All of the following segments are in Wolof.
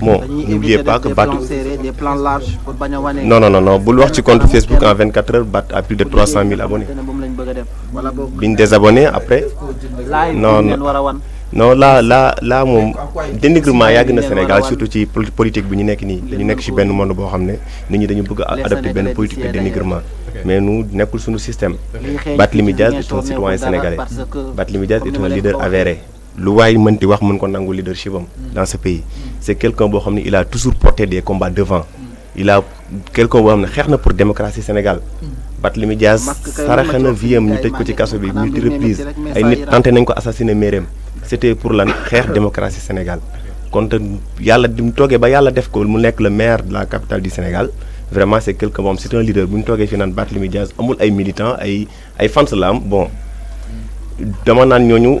bon n'oubliez pas que BAT non non non non bul wax ci compte Facebook en 24 heures BAT a plus de 300 000 abonnés des abonnés après non non là là là mon dénigrement yàgg au Sénégal surtout ci politique bi ñu nekk nii dañu nekk ci benn monde boo xam adopter politique de dénigrement mais nous dans suñu système Bat l'immédiat est un citoyen sénégalais Bat l'immédiat est un leader avéré lu waay mënti wax mën ko leadership dans ce pays c'est quelqu'un boo il a toujours porté des combats devant il a quelqu'un boo xam ne xeex pour démocratie Sénégal Bat Dias saraxe na vie am ñu tëj ko ci kaso bi multi reprise ay nit tenté nañ ko assassiné c'était pour lan xeex démocratie Sénégal Quand il y a ba yàlla def ko mu nekk le maire de la capitale du Sénégal vraiment c'est quelqu'un bon. xam c'est un leader bu ñu toogee fi naan Barthélémy Dias amul ay militants ay ay fans la bon dama naan ñooñu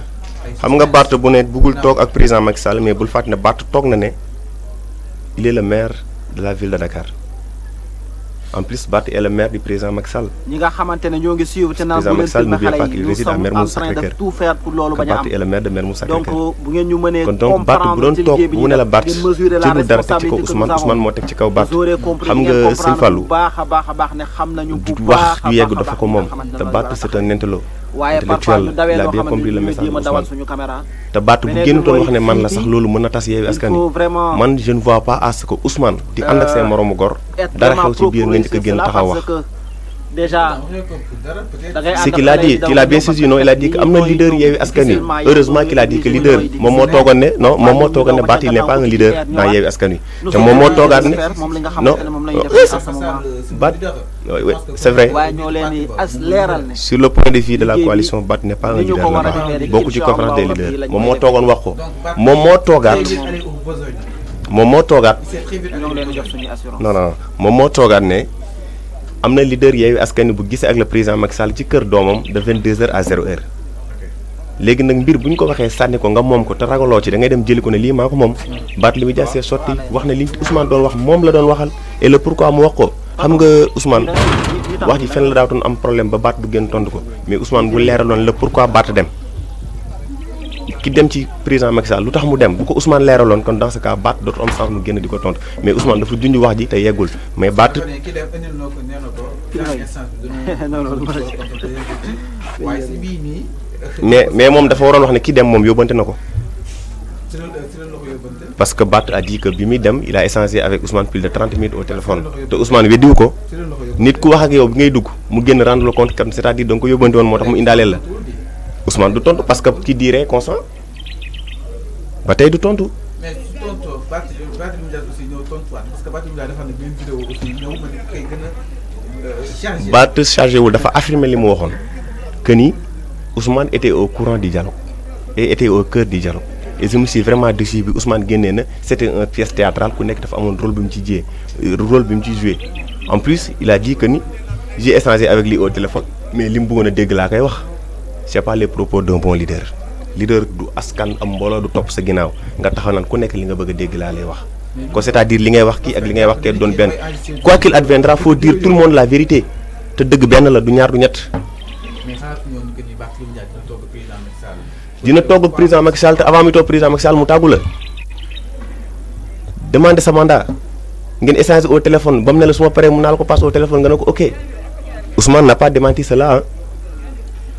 xam nga Barth bu ne bugul toog ak président Macky Sall mais bul fàtte ne Barth toog na ne il est le maire de la ville de Dakar en plus Barth est le maire du président Macky Sall. ñi nga xamante ne ñoo ngi suivre te naan bu leen filmé xale yi nous de tout faire pour loolu bañ am est le maire de Mermoz Sacré-Cœur donc bu ngeen ñu mënee comprendre kon donc Barth bu doon toog mu ne la Barth jëlul dara teg ci kaw Ousmane Ousmane moo teg ci kaw Barth xam nga du wax yegg dafa ko moom te c'est un intello intellectuel il a bien compris le message Ousmane te baat bu génnutoon wax ne man la sax loolu mën na tas yeewi askan man je ne vois pas à ce que Ousmane di ànd ak seen euh, moroomu gor dara xew ci biir nga njëkk a génn taxaw wax déjà ce qu'il a dit il a bien saisi non il a dit que am leader yewi Askeni. heureusement qu'il a dit que leader moom moo non moom moo bat il n'est pas un leader dans Askeni. Askan Wi te non Bat, oui euh, c'est vrai sur le point de vue de la coalition Bat n'est pas un leader là-bas Beaucoup de conférence des leaders moom moo toogoon wax ko moom mo non non moom moo am na leader Yewwi Askan Wi bu gisee ak le président Macky Sall ci kër doomam de 22h à 0h léegi nag mbir bu ñu ko waxee sànni ko nga moom ko te ragaloo ci dangay dem jëli ko ne lii maa ko moom Barthélémy Dias see sotti wax na li Ousmane doon wax moom la doon waxal et le pourquoi mu wax ko xam nga Ousmane wax ji fenn la daawtoon am problème ba baat du gën tontu ko mais Ousmane bu leeraloon la pourquoi baat dem. ki dem ci président Macky Sall lutax mu dem bu ko Ousmane leralon kon dans ce cas bat dootul am sens mu génn diko tont mais Ousmane dafa junj wax ji te yegul mais Baat. mais mais mom dafa waroon wax ne ki dem mom yóbbante na ko. Euh, Parce que Bat a dit que bi dem il a échangé avec Ousmane plus de 30 minutes au téléphone. te Ousmane, il dit que, nit ku wax ak yow bi ngay dugg mu génn rendre le compte c'est-à-dire donc yóbbante woon moo tax mu indalel la Ousmane du parce que qui dirait qu'on consent ba du tontu. mais Bataille parce que vidéo aussi euh, affirmer que Ousmane était au courant du dialogue et était au cœur du dialogue et je me suis vraiment déçu Ousmane génnee c'était une pièce théâtrale ku a dafa rôle euh, rôle en plus il a dit que j'ai avec lui au téléphone mais li ne c'est pas les propos d'un bon am mbooloo du topp sa ginnaaw nga taxaw naan ku nekk li nga bëgg a dégg lay wax ko cest li ngay wax kii ak li ngay wax kee doon benn quoi qu'il te dëgg benn la du ñaar du dina togg ak président Macky Sall te avant mi toog président Macky Sall mu tàggu la demandé sa mandat ngeen échanger au téléphone ba ne la su paree mu naa la ko passe au téléphone nga ne ko ok Ousmane n'a pas démenti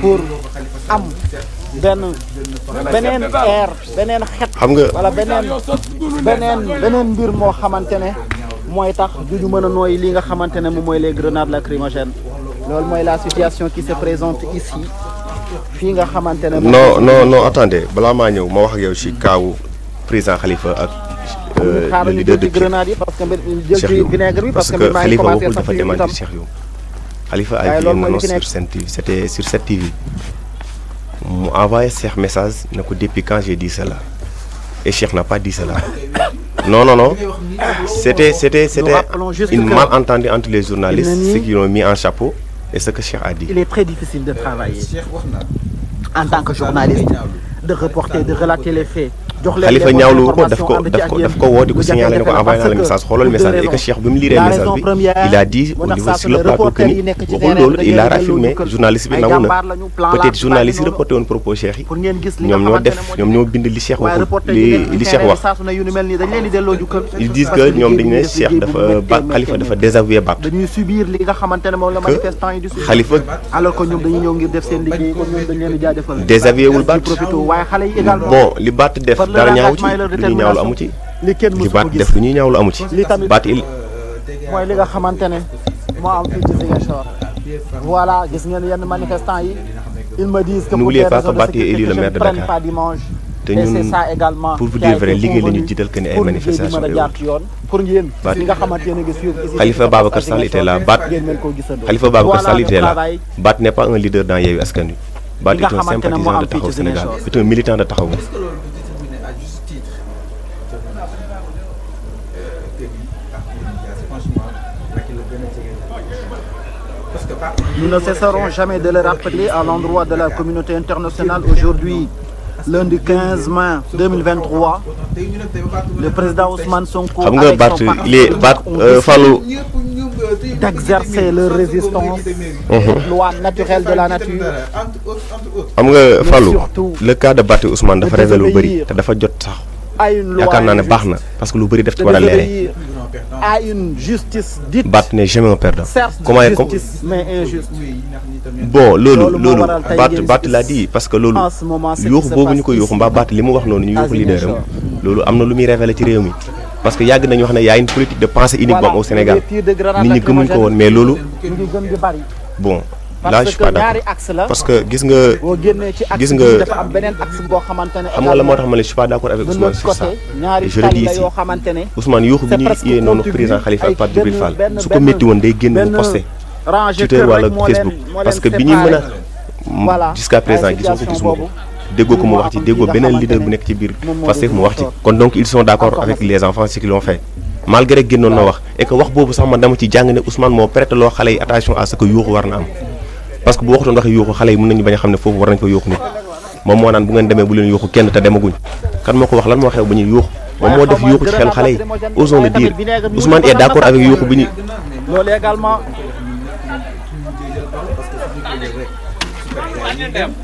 pour am benn beneen air beneen xet. xam nga wala beneen beneen beneen mbir moo xamante ne mooy tax du ñu mën a nooy li nga xamante ne moom mooy les grenades lacrymogènes loolu mooy la situation qui se présente ici fii nga xamante ne. non non non attendez balaa maa ñëw ma wax ak yow ci kaawu président Khalifa ak. le euh, leader de kii Cheikh Youm parce que Khalifa waxul dafa démentir Cheikh Youm. a ah, sur TV c'était sur cette TV mu envoyé message depuis quand j'ai dit cela et Cheikh n'a pas dit cela non non non c'était c'était c'était une malentendue entre les journalistes Ce qu'ils ont mis en chapeau et ce que Cheikh a dit il est très difficile de travailler en tant que journaliste de reporter de relater les faits Khalifa ñawlu ko daf ko daf ko daf ko wo di ko signalé ne ko envoyé naa message xolal message et que Cheikh bimu lire liiree message bi il a dit au niveau sur le plateau que ni waxul loolu il a raffirmé journaliste bi nangu peut être journaliste yi reporté woon propos Cheikh yi ñoom ñoo def ñoom ñoo bind li Cheikh waxul li li Cheikh wax ils disent que ñom dañu ne Cheikh dafa ba Khalifa dafa désavouer ba dañuy subir li nga xamantene manifestant yi di khalifa alors que ñom ñom dañuy ñow ngir def sen Khalifa désavouer wul baat bon li baat def dara ñaawu ci lu ñuy ñaawlu amu ci. li kenn mësu ko gis def lu ñuy ñaawlu amu ci. li tamit bat il mooy li nga xamantene mo am fi ci Ziguinchor. voilà gis ngeen yenn manifestants yi. ils me disent que pour des raisons de sécurité je ne prenne pas dimanche. ça également pour vous dire vrai ligue la ñu que ni ay manifestations xamantene gis yu Khalifa Babacar Sall était là baat Khalifa Babacar Sall était là baat n'est pas un leader dans yeu Askan bat est un sympathisant de Taxawu Sénégal est un militant de Taxawu. Nous ne cesserons jamais de le rappeler à l'endroit de la communauté internationale aujourd'hui. Lundi 15 mai 2023, le président Ousmane Sonko euh, d'exercer leur résistance aux mhm. lois naturelles de la nature le cas de Batu Ousmane de révélé lu yaakaar naa ne baax na parce que lu bari def ci wara war a leere Barth n'est jamais un perdant comment est bon loolu loolu bat bat laa di parce que loolu yuuxu bobu ñu ko yuuxu mba bat li mu wax non ñu yuuxu leader am amna am na lu muy révélé ci réew mi parce que yag nañ wax ne ya une politique de pensée unique bu au Sénégal nit ñi gëmuñ ko won mais loolu bon là je suis pas d'accord parce que gis nga gis nga xam nga la moo tax ma ne je suis pas d'accord avec Ousmane sur ça je le dis ici Ousmane yuuxu bi ni yé nonu président Khalifa ak Pape Djibril Fall su ko métti woon day génn mu posté Twitter wala Facebook parce que bi ñuy jusqu'à présent gisuma nga gisuma mo déggoo ko mu wax ci déggoo benen leader bu nek ci bir Pastef mu wax ci kon donc ils sont d'accord avec les enfants ce qu'ils ont fait malgré génnoon na wax et que wax bobu sax man dama ci jàng Ousmane mo prêté lo xalé attention à ce que yuuxu war na am parce que bu waxutoon waxi yuuxu xale yi mën nañu bañ a xam ne foofu war nañ fa yuuxu nit moom moo naan bu ngeen demee bu leen yuuxu kenn te demaguñ kan moo ko wax lan moo xew ba ñuy yuuxu moom moo def yuuxu ci xel xale yi osons le dire Ousmane est d'accord avec yuuxu bi ñu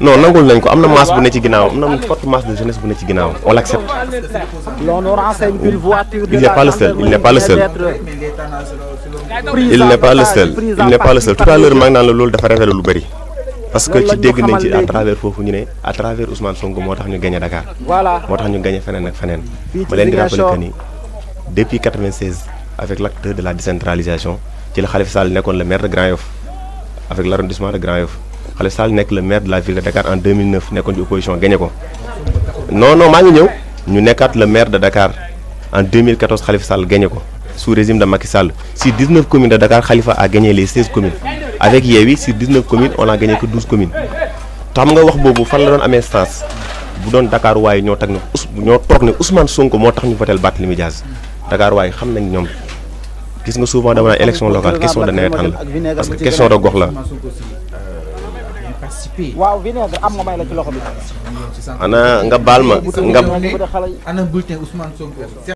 loolu nangul nañ ko am na masse bu ne ci ginnaaw am na forte masse de jeunesse bu ne ci ginnaaw on l'accepte il n'est pas le seul il n'est pas le seul il n'est pas le seul il n'est pas le seul tout à l'heure maintenant le naan la loolu le parce que ci dégg nañ ci à travers fofu ñu né à travers Ousmane Sonko nous avons ñu gagné Dakar Voilà. Nous ñu gagné fenen ak fenen ma di rappeler que ni depuis 96 avec l'acte de la décentralisation ci le Khalifa Sall nekkoon le maire de Grand Yoff avec l'arrondissement de Grand Yoff Khalifa Sall nekk le maire de la ville de Dakar en 2009 nekkoon ci opposition gagné ko non non ma ngi ñëw ñu nekkaat le maire de Dakar en 2014 Khalifa Sall gagné ko sous régime de Macky Sall. Sur 19 communes de Dakar, Khalifa a gagné les 16 communes. Avec Yewi, sur 19 communes, on a gagné que 12 communes. Tu sais que fan la doon amee sens bu doon Dakar waaye ñoo tag ne ñoo toog ne Ousmane Sonko moo tax ñu votel Barthélémy Dias Dakar waaye xam nañ ñoom gis nga souvent dama la élection locale question de nawetaan la parce que question de gox la waaw am nga may la ci loxo bi. ana nga balma, nga. ana bulletin Ousmane Sonko.